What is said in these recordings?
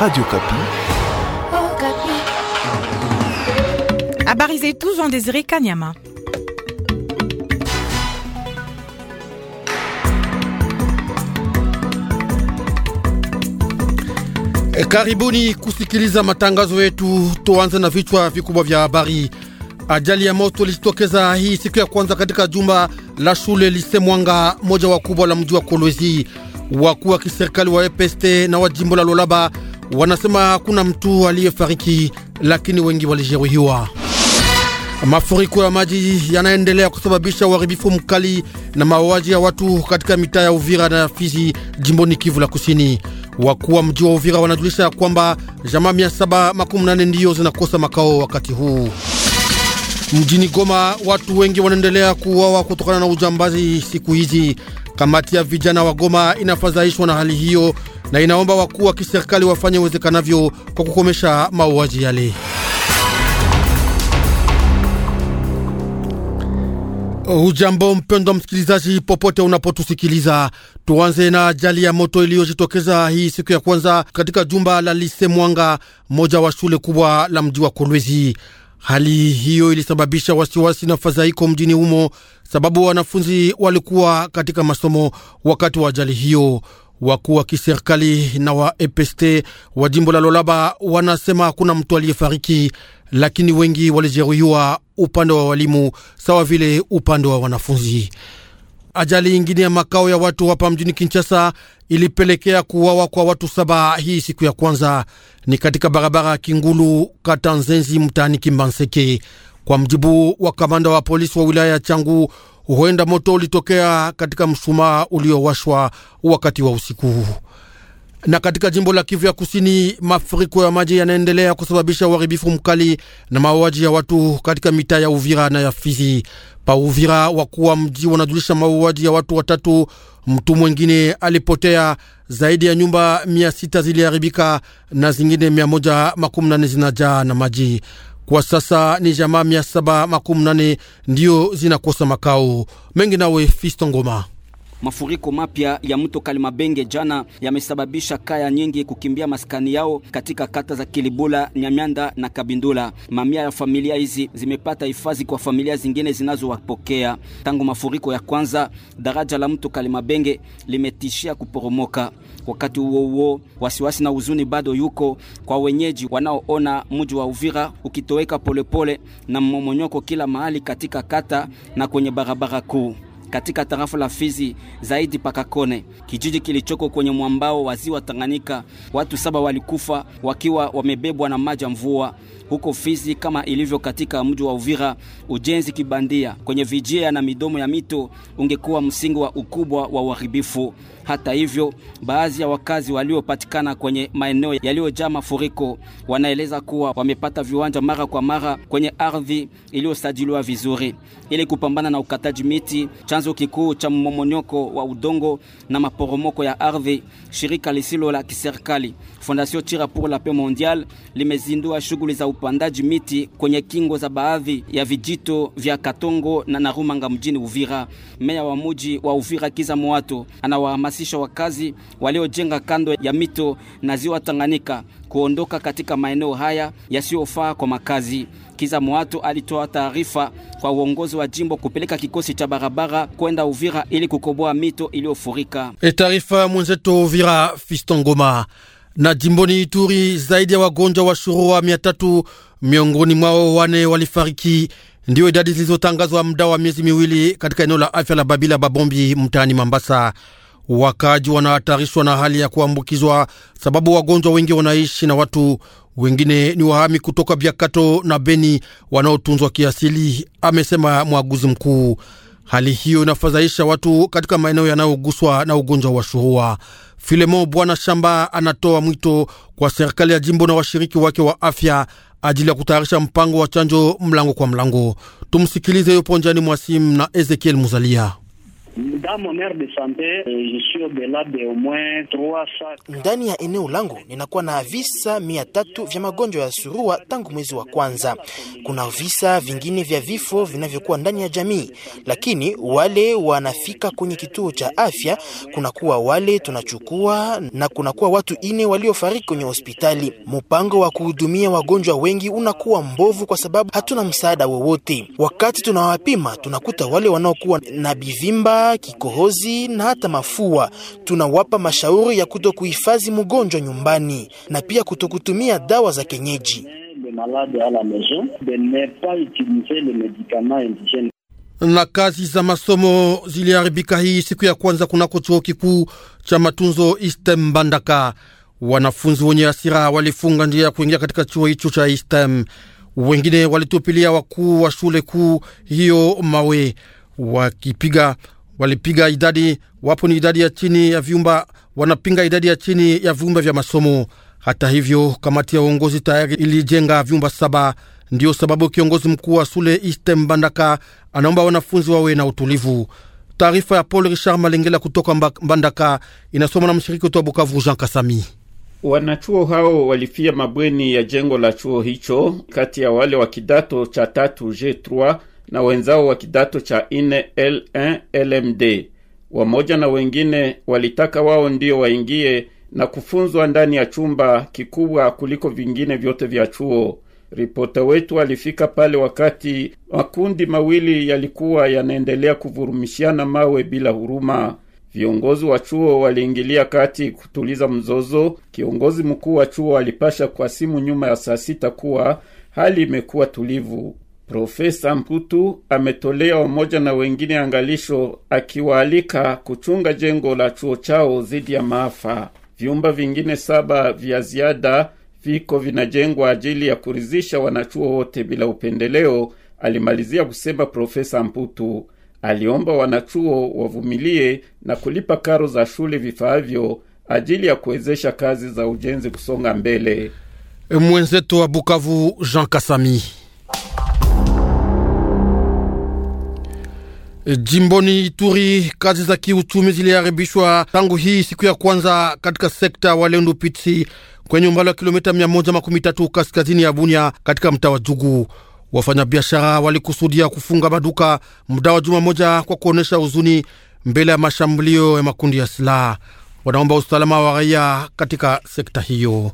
Radio Kapi. Habari zetu Jean Désiré Kanyama. E, karibuni kusikiliza matangazo yetu. Tuanze na vichwa vikubwa vya habari. Ajali ya moto ilijitokeza hii siku ya kwanza katika jumba la shule Lise Mwanga, moja wa kubwa la mji wa Kolwezi. Wakuu wa kiserikali wa EPST na wa jimbo la Lolaba wanasema hakuna mtu aliyefariki, lakini wengi walijeruhiwa. Mafuriko ya maji yanaendelea kusababisha uharibifu mkali na mauaji ya watu katika mitaa ya Uvira na Fizi jimboni Kivu la Kusini. Wakuu wa mji wa Uvira wanajulisha kwamba jamaa 718 ndiyo zinakosa makao wakati huu. Mjini Goma watu wengi wanaendelea kuuawa kutokana na ujambazi siku hizi. Kamati ya vijana wa Goma inafadhaishwa na hali hiyo na inaomba wakuu wa kiserikali wafanye uwezekanavyo kwa kukomesha mauaji yale. Ujambo mpendwa msikilizaji, popote unapotusikiliza, tuanze na ajali ya moto iliyojitokeza hii siku ya kwanza katika jumba la Lise Mwanga, moja wa shule kubwa la mji wa Kolwezi. Hali hiyo ilisababisha wasiwasi na fadhaiko mjini humo, sababu wanafunzi walikuwa katika masomo wakati wa ajali hiyo. Wakuu wa kiserikali na wa EPST wa jimbo la Lolaba wanasema hakuna mtu aliyefariki, lakini wengi walijeruhiwa upande wa walimu sawa vile upande wa wanafunzi. Ajali ingine ya makao ya watu hapa mjini Kinshasa ilipelekea kuwawa kwa watu saba hii siku ya kwanza, ni katika barabara ya Kingulu kata Nzenzi mtaani Kimbanseke. Kwa mjibu wa kamanda wa polisi wa wilaya ya Changu, huenda moto ulitokea katika mshumaa uliowashwa wakati wa usiku. Na katika jimbo la Kivu ya Kusini, mafuriko ya maji yanaendelea kusababisha uharibifu mkali na mauaji ya watu katika mitaa ya Uvira na ya Fizi. Pa Uvira, wakuu wa mji wanajulisha mauaji ya watu watatu, mtu mwingine alipotea. Zaidi ya nyumba mia sita ziliharibika na zingine mia moja makumi nane zinajaa na maji. Kwa sasa ni jamaa mia saba makumi nane ndiyo zinakosa makao mengi. Nawe Fisto Ngoma. Mafuriko mapya ya mto Kalimabenge jana yamesababisha kaya nyingi kukimbia maskani yao katika kata za Kilibula, Nyamyanda na Kabindula. Mamia ya familia hizi zimepata hifadhi kwa familia zingine zinazowapokea. Tangu mafuriko ya kwanza, daraja la mto Kalimabenge limetishia kuporomoka. Wakati huo huo, wasiwasi na huzuni bado yuko kwa wenyeji wanaoona mji wa Uvira ukitoweka polepole na mmomonyoko kila mahali katika kata na kwenye barabara kuu katika tarafa la Fizi, zaidi Pakakone, kijiji kilichoko kwenye mwambao wa ziwa Tanganyika. Watu saba walikufa wakiwa wamebebwa na maji mvua. Huko Fizi, kama ilivyo katika mji wa Uvira, ujenzi kibandia kwenye vijia na midomo ya mito ungekuwa msingi wa ukubwa wa uharibifu. Hata hivyo, baadhi ya wakazi waliopatikana kwenye maeneo yaliyojaa mafuriko wanaeleza kuwa wamepata viwanja mara kwa mara kwenye ardhi iliyosajiliwa vizuri ili kupambana na ukataji miti chanzo kikuu cha mmomonyoko wa udongo na maporomoko ya ardhi. Shirika lisilo la kiserikali Fondation Tira pour la Paix Mondiale limezindua shughuli za upandaji miti kwenye kingo za baadhi ya vijito vya Katongo na Narumanga mjini Uvira. Meya wa muji wa Uvira Kiza Mwato anawahamasisha wakazi waliojenga kando ya mito na ziwa Tanganyika kuondoka katika maeneo haya yasiyofaa kwa makazi. Kiza Mwatu alitoa taarifa kwa uongozi wa jimbo kupeleka kikosi cha barabara kwenda Uvira ili kukoboa mito iliyofurika. E, taarifa mwenzetu Uvira Fistongoma. Na jimboni Ituri, zaidi ya wagonjwa wa shurua mia tatu miongoni mwao wane walifariki. Ndiyo idadi zilizotangazwa muda wa miezi miwili katika eneo la afya la Babila Babombi mtaani Mambasa. Wakaji wanahatarishwa na hali ya kuambukizwa sababu wagonjwa wengi wanaishi na watu wengine ni wahami kutoka Biakato na Beni wanaotunzwa kiasili, amesema mwaguzi mkuu. Hali hiyo inafadhaisha watu katika maeneo yanayoguswa na ugonjwa wa shurua. filemo Bwana Shamba anatoa mwito kwa serikali ya jimbo na washiriki wake wa afya ajili ya kutayarisha mpango wa chanjo mlango kwa mlango. Tumsikilize yoponjani Njani simu na Ezekiel Muzalia. Dans mon aire de santé, euh, je suis au-delà de au moins 300. Ndani ya eneo langu ninakuwa na visa mia tatu vya magonjwa ya surua tangu mwezi wa kwanza. Kuna visa vingine vya vifo vinavyokuwa ndani ya jamii, lakini wale wanafika kwenye kituo cha afya, kunakuwa wale tunachukua na kunakuwa watu ine waliofariki kwenye hospitali. Mpango wa kuhudumia wagonjwa wengi unakuwa mbovu kwa sababu hatuna msaada wowote. Wakati tunawapima tunakuta wale wanaokuwa na bivimba kikohozi na hata mafua. Tunawapa mashauri ya kuto kuhifadhi mgonjwa nyumbani na pia kutokutumia dawa za kenyeji Na kazi za masomo ziliharibika hii siku ya kwanza kunako chuo kikuu cha matunzo Istem Mbandaka. Wanafunzi wenye asira walifunga njia ya kuingia katika chuo hicho cha Istem, wengine walitupilia wakuu wa shule kuu hiyo mawe wakipiga walipiga idadi wapo ni idadi ya chini ya vyumba, wanapinga idadi ya chini ya vyumba vya masomo. Hata hivyo, kamati ya uongozi tayari ilijenga vyumba saba. Ndiyo sababu kiongozi mkuu wa shule Istem Mbandaka anaomba wanafunzi wawe na utulivu. Taarifa ya Paul Richard Malengela kutoka Mbandaka inasoma na mshiriki wetu wa Bukavu, Jean Kasami. Wanachuo hao walifia mabweni ya jengo la chuo hicho, kati ya wale wa kidato cha tatu G3 na wenzao wa kidato cha ine L1 LMD. Wamoja na wengine walitaka wao ndio waingie na kufunzwa ndani ya chumba kikubwa kuliko vingine vyote vya chuo. Ripota wetu alifika pale wakati makundi mawili yalikuwa yanaendelea kuvurumishiana mawe bila huruma. Viongozi wa chuo waliingilia kati kutuliza mzozo. Kiongozi mkuu wa chuo alipasha kwa simu nyuma ya saa sita kuwa hali imekuwa tulivu. Profesa Mputu ametolea umoja na wengine angalisho akiwaalika kuchunga jengo la chuo chao dhidi ya maafa. Vyumba vingine saba vya ziada viko vinajengwa ajili ya kuridhisha wanachuo wote bila upendeleo, alimalizia kusema Profesa Mputu. Aliomba wanachuo wavumilie na kulipa karo za shule vifaavyo ajili ya kuwezesha kazi za ujenzi kusonga mbele. Mwenzetu wa Bukavu Jean Kasami. Jimboni Ituri, kazi za kiuchumi ziliharibishwa tangu hii siku ya kwanza katika sekta wa Lendu Pitsi kwenye umbali wa kilomita 113 kaskazini ya Bunia katika mtaa wa Jugu. Wafanyabiashara walikusudia kufunga maduka muda wa juma moja kwa kuonyesha huzuni mbele ya mashambulio ya makundi ya silaha. Wanaomba usalama wa raia katika sekta hiyo.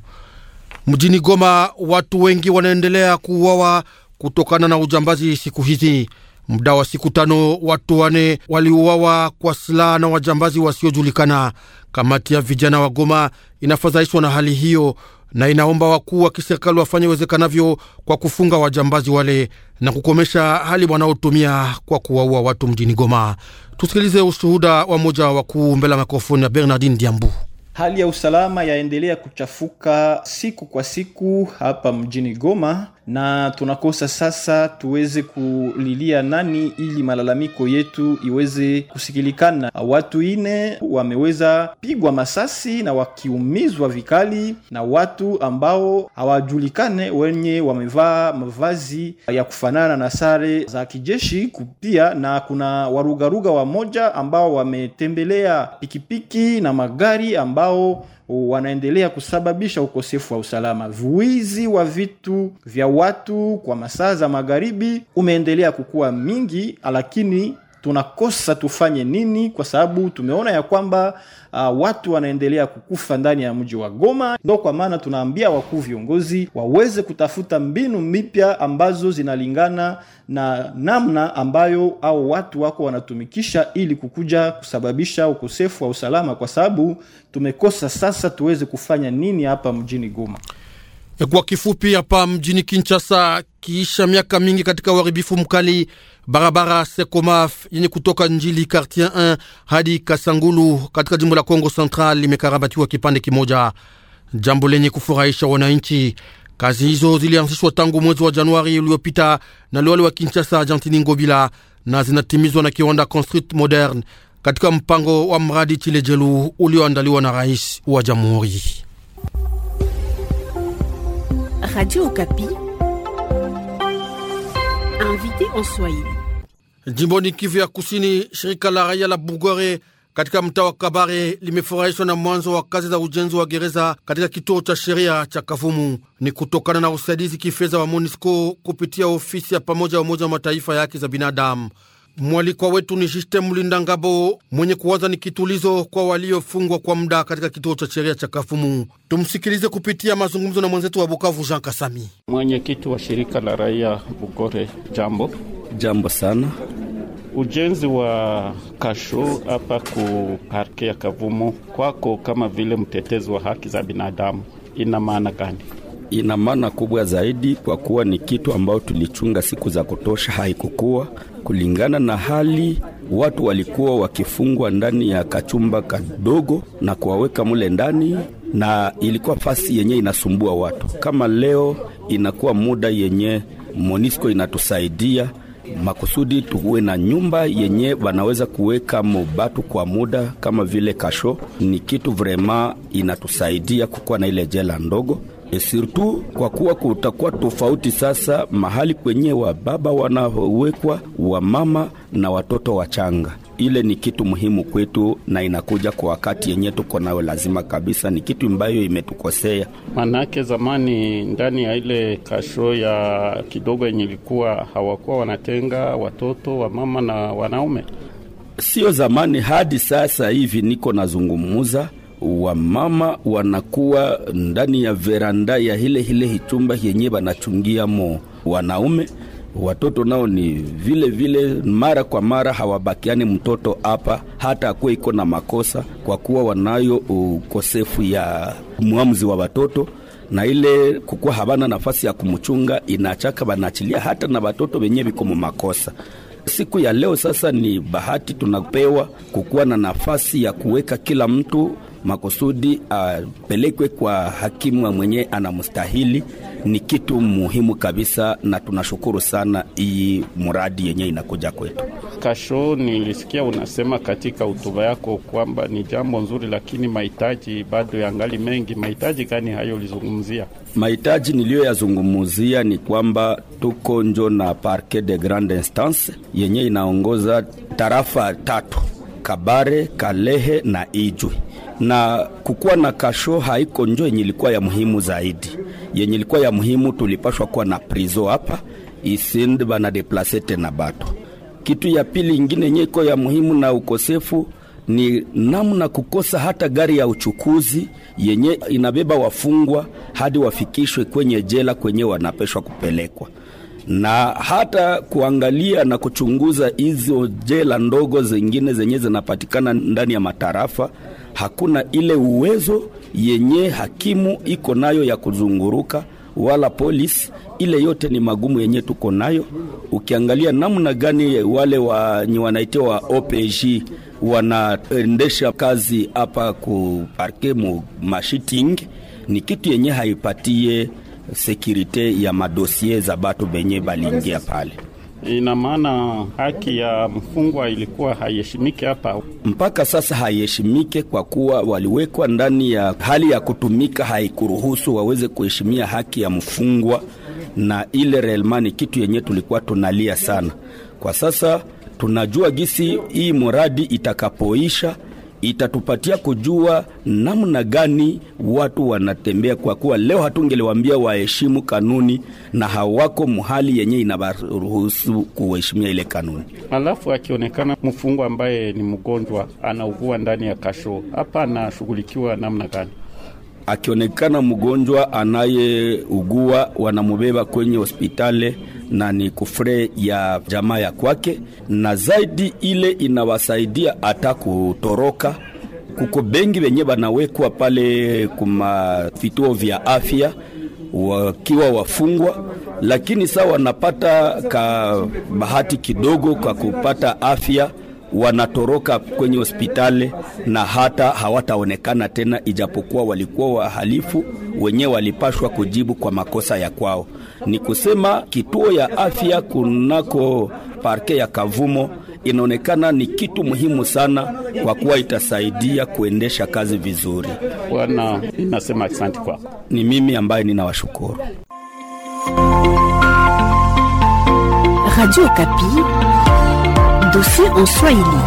Mjini Goma, watu wengi wanaendelea kuuawa kutokana na ujambazi siku hizi. Muda wa siku tano watu wane waliuawa kwa silaha na wajambazi wasiojulikana. Kamati ya vijana wa Goma inafadhaishwa na hali hiyo na inaomba wakuu wa kiserikali wafanye uwezekanavyo kwa kufunga wajambazi wale na kukomesha hali wanaotumia kwa kuwaua watu mjini Goma. Tusikilize ushuhuda wa moja wakuu mbele ya mikrofoni ya Bernardin Diambu. Hali ya usalama yaendelea kuchafuka siku kwa siku hapa mjini Goma na tunakosa sasa tuweze kulilia nani ili malalamiko yetu iweze kusikilikana. Watu ine wameweza pigwa masasi na wakiumizwa vikali na watu ambao hawajulikane wenye wamevaa mavazi ya kufanana na sare za kijeshi. kupia na kuna warugaruga wamoja ambao wametembelea pikipiki na magari ambao wanaendelea kusababisha ukosefu wa usalama. Wizi wa vitu vya watu kwa masaa za magharibi umeendelea kukua mingi, lakini tunakosa tufanye nini kwa sababu tumeona ya kwamba uh, watu wanaendelea kukufa ndani ya mji wa Goma. Ndo kwa maana tunaambia wakuu viongozi waweze kutafuta mbinu mipya ambazo zinalingana na namna ambayo au watu wako wanatumikisha ili kukuja kusababisha ukosefu wa usalama, kwa sababu tumekosa sasa tuweze kufanya nini hapa mjini Goma. E, kwa kifupi, hapa mjini Kinshasa, kiisha miaka mingi katika uharibifu mkali, barabara Sekomaf yenye kutoka Njili Kartier 1 hadi Kasangulu katika jimbo la Kongo Central limekarabatiwa kipande kimoja, jambo lenye kufurahisha wananchi. Kazi hizo zilianzishwa tangu mwezi wa Januari uliopita na liwali wa Kinshasa Jantini Ngobila na zinatimizwa na kiwanda Construct Modern katika mpango wa mradi Chilejelu ulioandaliwa na rais wa jamhuri. Radio Okapi, invité en Swahili. Jimboni Kivu ya Kusini, shirika la raia la Bugore katika mtaa wa Kabare limefurahishwa na mwanzo wa kazi za ujenzi wa gereza katika kituo cha sheria cha Kavumu. Ni kutokana na usaidizi kifedha wa MONUSCO kupitia ofisi ya pamoja ya Umoja wa Mataifa ya haki za binadamu. Mwalikwa wetu ni Juste Mlinda Ngabo mwenye kuwaza ni kitulizo kwa waliofungwa kwa muda katika kituo cha sheria cha Kafumu. Tumsikilize kupitia mazungumzo na mwenzetu wa Bukavu, Jean Kasami, mwenyekiti wa shirika la raia Bugore. Jambo, jambo sana. Ujenzi wa kasho hapa ku parke ya Kavumu kwako kama vile mtetezi wa haki za binadamu ina maana gani? ina maana kubwa zaidi kwa kuwa ni kitu ambayo tulichunga siku za kutosha, haikukuwa kulingana na hali. Watu walikuwa wakifungwa ndani ya kachumba kadogo na kuwaweka mule ndani, na ilikuwa fasi yenye inasumbua watu. Kama leo inakuwa muda yenye Monisco inatusaidia makusudi tuwe na nyumba yenye wanaweza kuweka mobatu kwa muda kama vile kasho. Ni kitu vrema inatusaidia kukuwa na ile jela ndogo e surtout kwa kuwa kutakuwa tofauti sasa mahali kwenye wa baba wanawekwa wa mama na watoto wachanga. Ile ni kitu muhimu kwetu na inakuja kwa wakati yenye tuko nayo, lazima kabisa. Ni kitu ambayo imetukosea, manake zamani ndani ya ile kasho ya kidogo yenye ilikuwa hawakuwa wanatenga watoto wa mama na wanaume, sio zamani hadi sasa hivi niko nazungumuza wamama wanakuwa ndani ya veranda ya hile hile hichumba yenye mo wanaume watoto nao ni vile vile, mara kwa mara hawabakiani mtoto hapa, hata akuwe iko na makosa, kwa kuwa wanayo ukosefu ya mwamuzi wa watoto na ile kukuwa habana nafasi ya kumchunga, inachaka banachilia hata na watoto wenye viko mu makosa. Siku ya leo sasa ni bahati tunapewa kukuwa na nafasi ya kuweka kila mtu makusudi apelekwe ah, kwa hakimu mwenye anamstahili ni kitu muhimu kabisa, na tunashukuru sana hii muradi yenye inakuja kwetu. Kasho, nilisikia unasema katika hotuba yako kwamba ni jambo nzuri, lakini mahitaji bado yangali mengi. Mahitaji gani hayo ulizungumzia? Mahitaji niliyoyazungumzia ni kwamba tuko njo na parquet de grande instance yenye inaongoza tarafa tatu Kabare, Kalehe na Ijwi na kukuwa na kasho haiko njo yenye ilikuwa ya muhimu zaidi. Yenye ilikuwa ya muhimu tulipashwa kuwa na prizo hapa bana banadeplase tena bato. Kitu ya pili ingine yenye iko ya muhimu na ukosefu ni namna kukosa hata gari ya uchukuzi yenye inabeba wafungwa hadi wafikishwe kwenye jela kwenye wanapeshwa kupelekwa, na hata kuangalia na kuchunguza hizo jela ndogo zingine zenye zinapatikana ndani ya matarafa hakuna ile uwezo yenye hakimu iko nayo ya kuzunguruka wala polisi ile yote ni magumu yenye tuko nayo. Ukiangalia namna gani wale wenye wanaitiwa wa OPG wanaendesha kazi hapa ku parke mu mashiting, ni kitu yenye haipatie sekurite ya madosie za batu benye balingia pale. Ina maana haki ya mfungwa ilikuwa haiheshimiki hapa mpaka sasa, haiheshimike kwa kuwa waliwekwa ndani ya hali ya kutumika, haikuruhusu waweze kuheshimia haki ya mfungwa, na ile relmani kitu yenye tulikuwa tunalia sana. Kwa sasa tunajua gisi hii muradi itakapoisha itatupatia kujua namna gani watu wanatembea, kwa kuwa leo hatungeliwaambia waheshimu kanuni na hawako mhali yenye inabaruhusu kuheshimia ile kanuni. Alafu akionekana mfungwa ambaye ni mgonjwa anaugua ndani ya kasho, hapa anashughulikiwa namna gani? akionekana mgonjwa anayeugua wanamubeba kwenye hospitali na ni kufre ya jamaa ya kwake, na zaidi ile inawasaidia hata kutoroka. Kuko bengi wenye banawekwa pale kuma vituo vya afya wakiwa wafungwa, lakini sawa wanapata ka bahati kidogo kwa kupata afya wanatoroka kwenye hospitali na hata hawataonekana tena, ijapokuwa walikuwa wahalifu wenyewe walipashwa kujibu kwa makosa ya kwao. Ni kusema kituo ya afya kunako parke ya Kavumo inaonekana ni kitu muhimu sana kwa kuwa itasaidia kuendesha kazi vizuri. Bwana, ninasema asante kwako. Ni mimi ambaye ninawashukuru. Radio Kapi, Dossier en Swahili.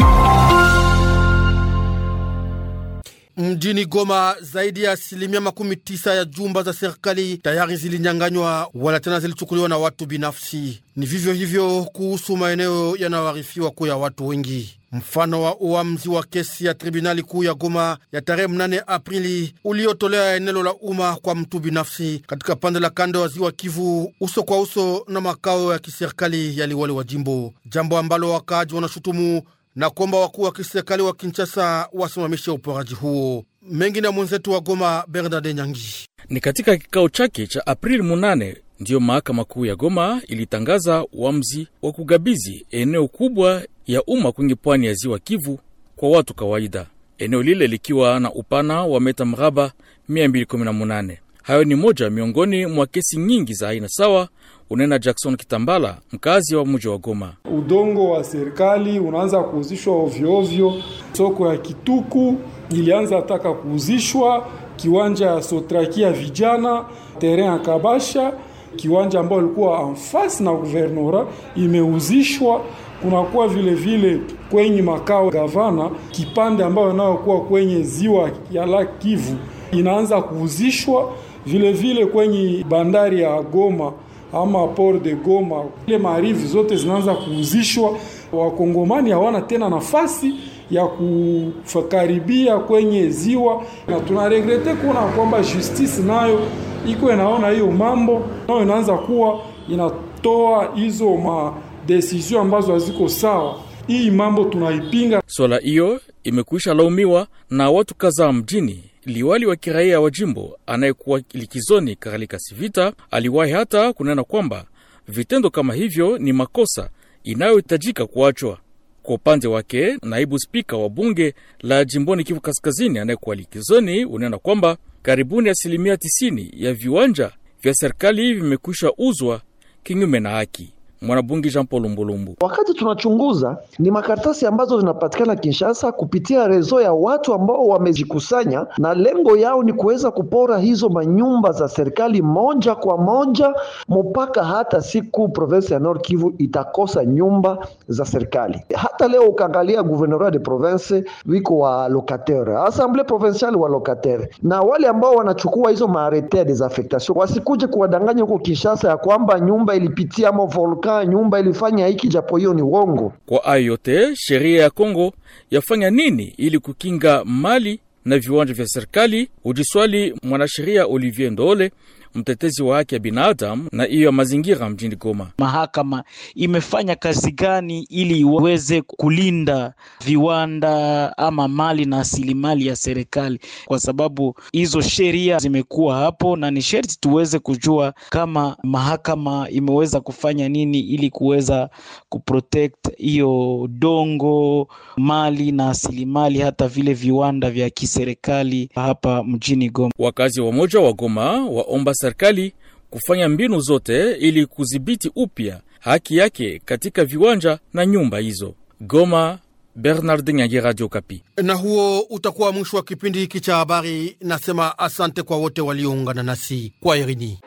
Mjini Goma zaidi ya asilimia makumi tisa ya jumba za serikali tayari zilinyanganywa wala tena zilichukuliwa na watu binafsi. Ni vivyo hivyo kuhusu maeneo yanayoarifiwa kuya watu wengi. Mfano wa uamuzi wa kesi ya tribunali kuu ya Goma ya tarehe mnane Aprili uliotolea eneo la umma kwa mtu binafsi katika pande la kando ya ziwa Kivu, uso kwa uso na makao ya kiserikali ya liwali wa jimbo, jambo ambalo wakaaji wanashutumu na kuomba wakuu wa kiserikali wa Kinshasa wasimamishe uporaji huo. Mengi na mwenzetu wa Goma, bernarde Nyangi. Ni katika kikao chake cha Aprili munane ndiyo mahakama kuu ya Goma ilitangaza uamuzi wa kugabizi eneo kubwa ya umma kwenye pwani ya ziwa Kivu kwa watu kawaida, eneo lile likiwa na upana wa meta mraba 218. Hayo ni moja miongoni mwa kesi nyingi za aina sawa, unena Jackson Kitambala, mkazi wa mji wa Goma. Udongo wa serikali unaanza kuuzishwa ovyoovyo. Soko ya Kituku ilianza taka kuuzishwa, kiwanja ya Sotraki ya vijana, teren ya Kabasha, kiwanja ambayo ilikuwa amfasi na guvernora imeuzishwa kunakuwa vile vile kwenye makao gavana kipande ambayo inayokuwa kwenye ziwa ya Lake Kivu inaanza kuuzishwa vile vile kwenye bandari ya Goma ama port de Goma, ile maarivu zote zinaanza kuuzishwa. Wakongomani hawana tena nafasi ya kukaribia kwenye ziwa, na tunaregrete kuona kwamba justice nayo iko inaona hiyo mambo nayo inaanza kuwa inatoa hizo ma desizio ambazo haziko sawa. Hii mambo tunaipinga. Swala hiyo imekwisha laumiwa na watu kadhaa mjini. Liwali wa kiraia wa jimbo anayekuwa likizoni Karalika Sivita aliwahi hata kunena kwamba vitendo kama hivyo ni makosa inayohitajika kuachwa. Kwa upande wake, naibu spika wa bunge la jimboni Kivu Kaskazini anayekuwa likizoni unena kwamba karibuni asilimia 90 ya viwanja vya serikali vimekwisha uzwa kinyume na haki. Mwanabungi Jean Paul Mbulumbu: wakati tunachunguza ni makaratasi ambazo zinapatikana Kinshasa kupitia rezo ya watu ambao wamejikusanya, na lengo yao ni kuweza kupora hizo manyumba za serikali moja kwa moja, mpaka hata siku province ya Nord Kivu itakosa nyumba za serikali. Hata leo ukaangalia gouvernorat de province wiko wa locateur, assemblée provinciale wa locateur, na wale ambao wanachukua hizo maarete ya desaffectation wasikuje kuwadanganya huko Kinshasa ya kwamba nyumba ilipitia ama volcan kaa nyumba ilifanya hiki, japo hiyo ni uongo. Kwa hayo yote, sheria ya Kongo yafanya nini ili kukinga mali na viwanja vya serikali? Ujiswali mwanasheria Olivier Ndole mtetezi wa haki ya binadamu na hiyo ya mazingira mjini Goma. Mahakama imefanya kazi gani ili iweze kulinda viwanda ama mali na asilimali ya serikali? Kwa sababu hizo sheria zimekuwa hapo, na ni sherti tuweze kujua kama mahakama imeweza kufanya nini ili kuweza kuprotect hiyo dongo, mali na asilimali, hata vile viwanda vya kiserikali hapa mjini Goma. Wakazi wa moja wa Goma waomba serikali kufanya mbinu zote ili kudhibiti upya haki yake katika viwanja na nyumba hizo. Goma, Bernard Nyange, Radio Kapi. Na huo utakuwa mwisho wa kipindi hiki cha habari. Nasema asante kwa wote walioungana nasi kwa irini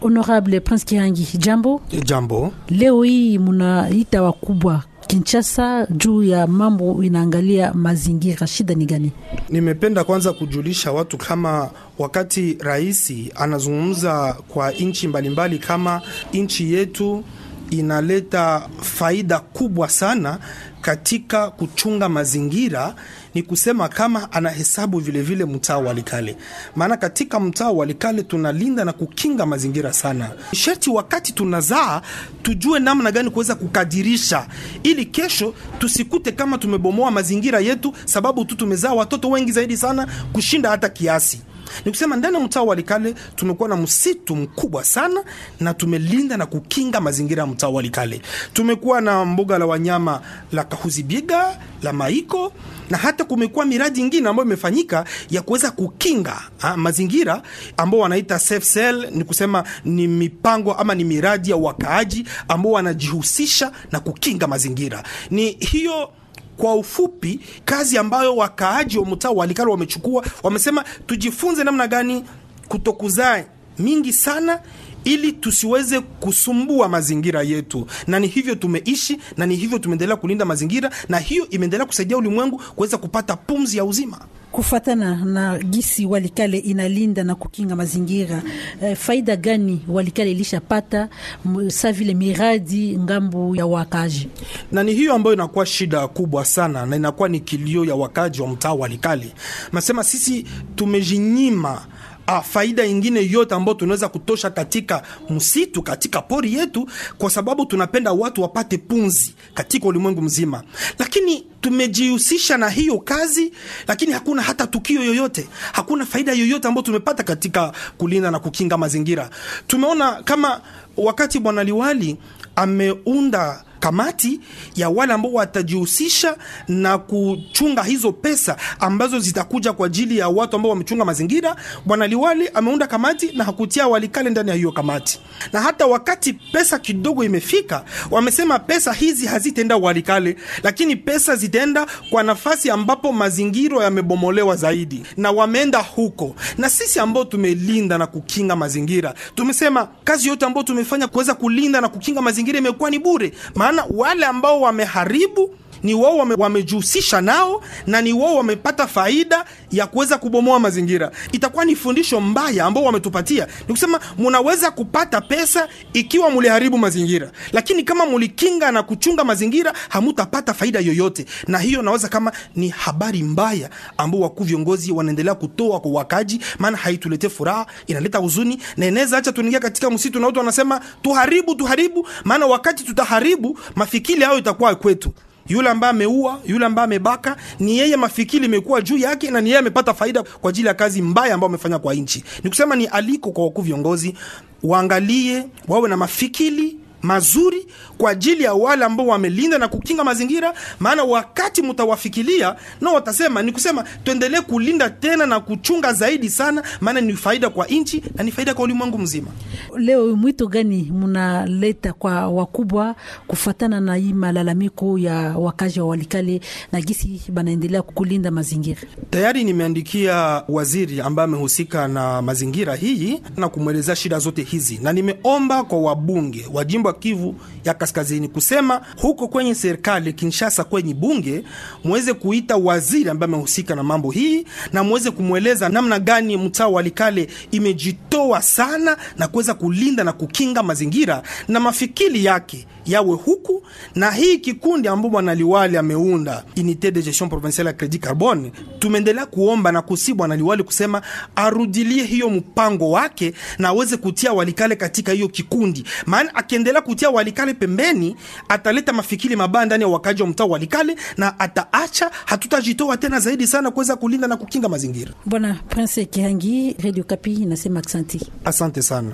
Honorable Prince Kihangi, jambo jambo. Leo hii munaita wakubwa Kinshasa juu ya mambo inaangalia mazingira, shida ni gani? Nimependa kwanza kujulisha watu kama wakati rais anazungumza kwa nchi mbalimbali kama nchi yetu inaleta faida kubwa sana katika kuchunga mazingira ni kusema kama anahesabu vilevile mtaa wa Likale, maana katika mtaa wa Likale tunalinda na kukinga mazingira sana. sherti wakati tunazaa tujue namna gani kuweza kukadirisha, ili kesho tusikute kama tumebomoa mazingira yetu sababu tu tumezaa watoto wengi zaidi sana kushinda hata kiasi. Ni kusema ndani ya mtaa wa Walikale tumekuwa na msitu mkubwa sana, na tumelinda na kukinga mazingira ya mtaa wa Walikale. Tumekuwa na mbuga la wanyama la Kahuzi-Biega la Maiko, na hata kumekuwa miradi ingine ambayo imefanyika ya kuweza kukinga ha, ah, mazingira ambao wanaita safe cell. Ni kusema ni mipango ama ni miradi ya wakaaji ambao wanajihusisha na kukinga mazingira. Ni hiyo kwa ufupi, kazi ambayo wakaaji wa mtaa wa Walikale wamechukua, wamesema tujifunze namna gani kutokuzaa mingi sana ili tusiweze kusumbua mazingira yetu, na ni hivyo tumeishi na ni hivyo tumeendelea kulinda mazingira, na hiyo imeendelea kusaidia ulimwengu kuweza kupata pumzi ya uzima. Kufatana na gisi Walikale inalinda na kukinga mazingira, e, faida gani Walikale ilishapata sa vile miradi ngambo ya wakaji? Na ni hiyo ambayo inakuwa shida kubwa sana na inakuwa ni kilio ya wakaji wa mtaa Walikale, nasema sisi tumejinyima a ah, faida nyingine yote ambayo tunaweza kutosha katika msitu, katika pori yetu, kwa sababu tunapenda watu wapate punzi katika ulimwengu mzima, lakini tumejihusisha na hiyo kazi, lakini hakuna hata tukio yoyote, hakuna faida yoyote ambayo tumepata katika kulinda na kukinga mazingira. Tumeona kama wakati Bwana Liwali ameunda kamati ya wale ambao watajihusisha na kuchunga hizo pesa ambazo zitakuja kwa ajili ya watu ambao wamechunga mazingira. Bwana Liwali ameunda kamati na hakutia Walikale ndani ya hiyo kamati, na hata wakati pesa kidogo imefika, wamesema pesa hizi hazitenda Walikale, lakini pesa zitaenda kwa nafasi ambapo mazingira yamebomolewa zaidi, na wameenda huko. Na sisi ambao tumelinda na kukinga mazingira tumesema kazi yote ambayo tumefanya kuweza kulinda na kukinga mazingira imekuwa ni bure Ma maana wale ambao wameharibu ni wao wame, wamejihusisha nao na ni wao wamepata faida ya kuweza kubomoa mazingira. Itakuwa ni fundisho mbaya ambao wametupatia, ni kusema munaweza kupata pesa ikiwa muliharibu mazingira, lakini kama mulikinga na kuchunga mazingira hamutapata faida yoyote. Na hiyo naweza kama ni habari mbaya ambao wakuu viongozi wanaendelea kutoa kwa wakaji, maana haituletee furaha, inaleta huzuni na inaweza acha tuingia katika msitu na watu wanasema tuharibu, tuharibu, maana wakati tutaharibu mafikiri hayo itakuwa kwetu yule ambaye ameua, yule ambaye amebaka, ni yeye mafikiri imekuwa juu yake, na ni yeye amepata faida kwa ajili ya kazi mbaya ambayo amefanya kwa nchi. ni kusema ni aliko kwa wakuu viongozi waangalie, wawe na mafikiri mazuri kwa ajili ya wale ambao wamelinda na kukinga mazingira, maana wakati mtawafikilia na watasema, ni kusema tuendelee kulinda tena na kuchunga zaidi sana, maana ni faida kwa nchi na ni faida kwa ulimwengu mzima. Leo mwito gani mnaleta kwa wakubwa kufuatana na hii malalamiko ya wakazi wa Walikale na gisi banaendelea kulinda mazingira? Tayari nimeandikia waziri ambaye amehusika na mazingira hii na kumweleza shida zote hizi, na nimeomba kwa wabunge wa jimbo arquivo ya kaskazini kusema huko kwenye serikali Kinshasa, kwenye bunge muweze kuita waziri ambaye amehusika na mambo hii na muweze kumweleza namna gani mtaa wa Likale imejitoa sana na kuweza kulinda na kukinga mazingira na mafikiri yake yawe huku na hii kikundi ambao bwana Liwali ameunda Unité de Gestion Provinciale ya Credit Carbone. Tumeendelea kuomba na kusi bwana Liwali kusema arudilie hiyo mpango wake na aweze kutia Walikale katika hiyo kikundi, maana akiendelea kutia Walikale pembeni ataleta mafikiri mabaya ndani ya wakaji wa mtaa walikale na ataacha, hatutajitoa tena zaidi sana kuweza kulinda na kukinga mazingira. Bwana Prince Kihangi, Radio Kapi, nasema asante, asante sana.